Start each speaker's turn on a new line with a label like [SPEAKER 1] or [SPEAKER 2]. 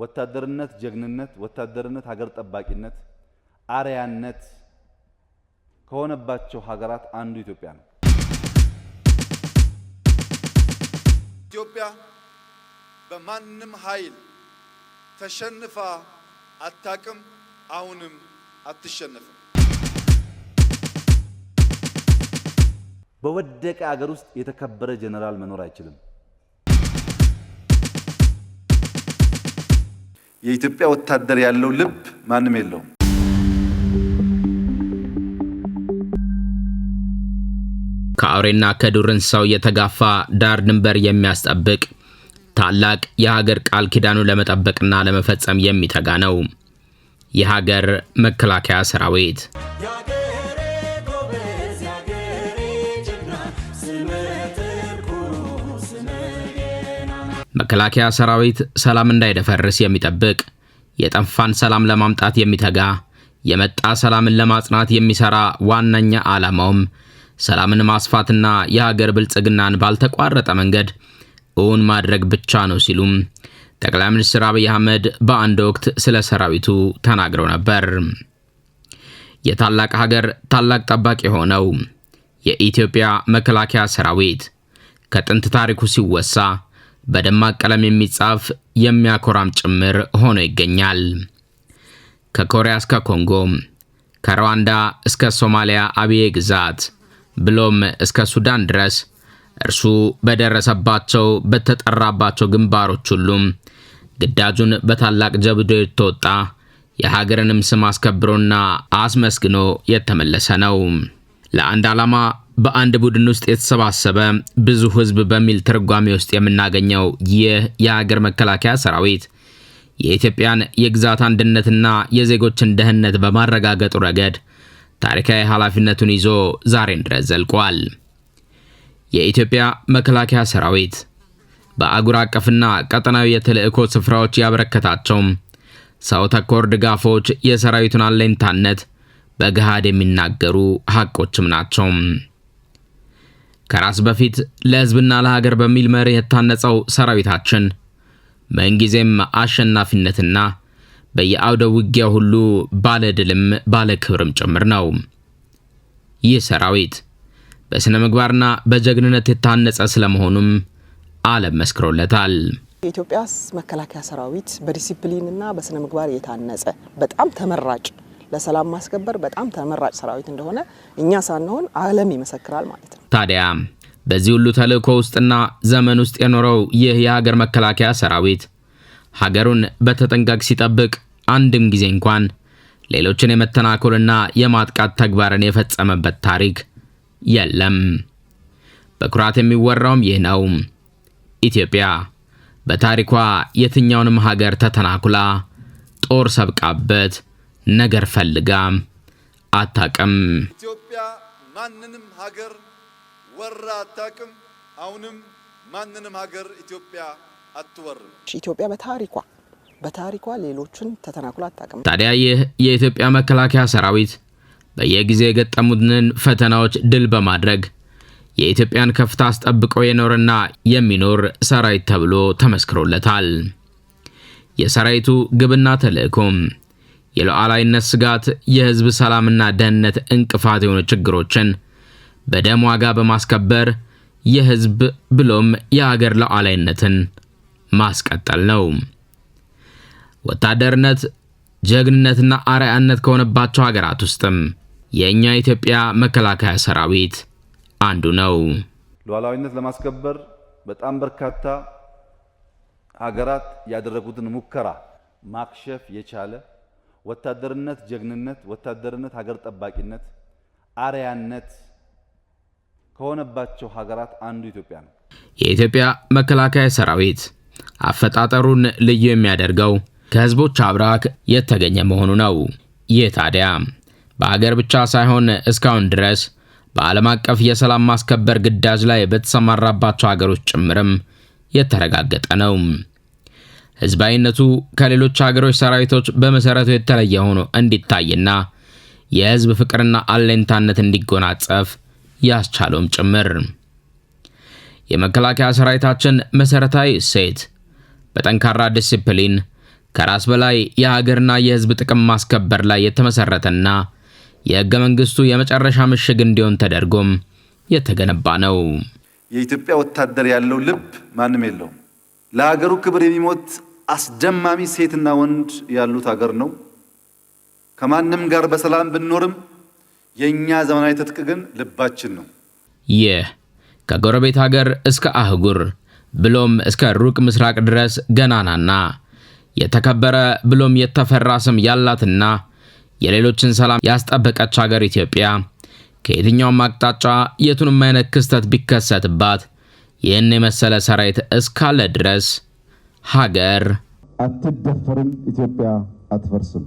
[SPEAKER 1] ወታደርነት ጀግንነት፣ ወታደርነት ሀገር ጠባቂነት፣ አርያነት ከሆነባቸው ሀገራት አንዱ ኢትዮጵያ ነው። ኢትዮጵያ በማንም ኃይል ተሸንፋ አታቅም፣ አሁንም አትሸነፍም።
[SPEAKER 2] በወደቀ አገር ውስጥ የተከበረ ጀነራል መኖር አይችልም። የኢትዮጵያ ወታደር ያለው ልብ ማንም የለውም።
[SPEAKER 3] ከአውሬና ከዱር እንስሳው የተጋፋ ዳር ድንበር የሚያስጠብቅ ታላቅ የሀገር ቃል ኪዳኑ ለመጠበቅና ለመፈጸም የሚተጋ ነው የሀገር መከላከያ ሰራዊት። መከላከያ ሰራዊት ሰላም እንዳይደፈርስ የሚጠብቅ የጠፋን ሰላም ለማምጣት የሚተጋ የመጣ ሰላምን ለማጽናት የሚሰራ ዋነኛ ዓላማውም ሰላምን ማስፋትና የሀገር ብልጽግናን ባልተቋረጠ መንገድ እውን ማድረግ ብቻ ነው ሲሉም ጠቅላይ ሚኒስትር አብይ አህመድ በአንድ ወቅት ስለ ሰራዊቱ ተናግረው ነበር። የታላቅ ሀገር ታላቅ ጠባቂ የሆነው የኢትዮጵያ መከላከያ ሰራዊት ከጥንት ታሪኩ ሲወሳ በደማቅ ቀለም የሚጻፍ የሚያኮራም ጭምር ሆኖ ይገኛል። ከኮሪያ እስከ ኮንጎ፣ ከሩዋንዳ እስከ ሶማሊያ አብዬ ግዛት ብሎም እስከ ሱዳን ድረስ እርሱ በደረሰባቸው በተጠራባቸው ግንባሮች ሁሉም ግዳጁን በታላቅ ጀብዶ የተወጣ የሀገርንም ስም አስከብሮና አስመስግኖ የተመለሰ ነው። ለአንድ ዓላማ በአንድ ቡድን ውስጥ የተሰባሰበ ብዙ ህዝብ በሚል ትርጓሜ ውስጥ የምናገኘው ይህ የሀገር መከላከያ ሰራዊት የኢትዮጵያን የግዛት አንድነትና የዜጎችን ደህንነት በማረጋገጡ ረገድ ታሪካዊ ኃላፊነቱን ይዞ ዛሬን ድረስ ዘልቋል። የኢትዮጵያ መከላከያ ሰራዊት በአጉር አቀፍና ቀጠናዊ የተልእኮ ስፍራዎች ያበረከታቸው ሰው ተኮር ድጋፎች የሰራዊቱን አለኝታነት በገሃድ የሚናገሩ ሀቆችም ናቸው። ከራስ በፊት ለህዝብና ለሀገር በሚል መሪ የታነጸው ሰራዊታችን ምንጊዜም አሸናፊነትና በየአውደ ውጊያ ሁሉ ባለድልም ባለ ክብርም ጭምር ነው። ይህ ሰራዊት በሥነ ምግባርና በጀግንነት የታነጸ ስለመሆኑም ዓለም መስክሮለታል።
[SPEAKER 4] የኢትዮጵያ መከላከያ ሰራዊት በዲሲፕሊንና በሥነ ምግባር የታነጸ በጣም ተመራጭ ለሰላም ማስከበር በጣም ተመራጭ ሰራዊት እንደሆነ እኛ ሳንሆን ዓለም ይመሰክራል ማለት ነው።
[SPEAKER 3] ታዲያ በዚህ ሁሉ ተልእኮ ውስጥና ዘመን ውስጥ የኖረው ይህ የሀገር መከላከያ ሰራዊት ሀገሩን በተጠንቀቅ ሲጠብቅ አንድም ጊዜ እንኳን ሌሎችን የመተናኮልና የማጥቃት ተግባርን የፈጸመበት ታሪክ የለም። በኩራት የሚወራውም ይህ ነው። ኢትዮጵያ በታሪኳ የትኛውንም ሀገር ተተናኩላ ጦር ሰብቃበት ነገር ፈልጋ አታቅም።
[SPEAKER 1] ኢትዮጵያ ማንንም ሀገር ወራ አታቅም። አሁንም ማንንም ሀገር ኢትዮጵያ አትወርም።
[SPEAKER 4] ኢትዮጵያ በታሪኳ በታሪኳ ሌሎችን ተተናክሎ አታቅም።
[SPEAKER 3] ታዲያ ይህ የኢትዮጵያ መከላከያ ሰራዊት በየጊዜ የገጠሙትን ፈተናዎች ድል በማድረግ የኢትዮጵያን ከፍታ አስጠብቆ የኖረና የሚኖር ሰራዊት ተብሎ ተመስክሮለታል። የሰራዊቱ ግብና ተልእኮም የሉዓላዊነት ስጋት የህዝብ ሰላምና ደህንነት እንቅፋት የሆኑ ችግሮችን በደም ዋጋ በማስከበር የህዝብ ብሎም የሀገር ሉዓላዊነትን ማስቀጠል ነው። ወታደርነት ጀግንነትና አርአያነት ከሆነባቸው ሀገራት ውስጥም የእኛ የኢትዮጵያ መከላከያ ሰራዊት አንዱ ነው።
[SPEAKER 2] ሉዓላዊነት ለማስከበር በጣም በርካታ ሀገራት ያደረጉትን ሙከራ ማክሸፍ የቻለ ወታደርነት ጀግንነት፣ ወታደርነት ሀገር ጠባቂነት፣ አርያነት ከሆነባቸው ሀገራት አንዱ ኢትዮጵያ ነው።
[SPEAKER 3] የኢትዮጵያ መከላከያ ሰራዊት አፈጣጠሩን ልዩ የሚያደርገው ከህዝቦች አብራክ የተገኘ መሆኑ ነው። ይህ ታዲያ በሀገር ብቻ ሳይሆን እስካሁን ድረስ በዓለም አቀፍ የሰላም ማስከበር ግዳጅ ላይ በተሰማራባቸው ሀገሮች ጭምርም የተረጋገጠ ነው። ህዝባዊነቱ ከሌሎች ሀገሮች ሰራዊቶች በመሰረቱ የተለየ ሆኖ እንዲታይና የህዝብ ፍቅርና አለኝታነት እንዲጎናጸፍ ያስቻለውም ጭምር። የመከላከያ ሰራዊታችን መሰረታዊ እሴት በጠንካራ ዲሲፕሊን ከራስ በላይ የሀገርና የህዝብ ጥቅም ማስከበር ላይ የተመሰረተና የህገ መንግስቱ የመጨረሻ ምሽግ እንዲሆን ተደርጎም የተገነባ ነው።
[SPEAKER 2] የኢትዮጵያ ወታደር ያለው ልብ ማንም የለውም። ለሀገሩ ክብር የሚሞት አስደማሚ ሴትና ወንድ ያሉት ሀገር ነው። ከማንም ጋር በሰላም ብንኖርም የእኛ ዘመናዊ ትጥቅ ግን ልባችን ነው።
[SPEAKER 3] ይህ ከጎረቤት ሀገር እስከ አህጉር ብሎም እስከ ሩቅ ምስራቅ ድረስ ገናናና የተከበረ ብሎም የተፈራ ስም ያላትና የሌሎችን ሰላም ያስጠበቀች ሀገር ኢትዮጵያ ከየትኛውም አቅጣጫ የቱንም አይነት ክስተት ቢከሰትባት ይህን የመሰለ ሰራዊት እስካለ ድረስ ሀገር
[SPEAKER 2] አትደፈርም፣ ኢትዮጵያ አትፈርስም።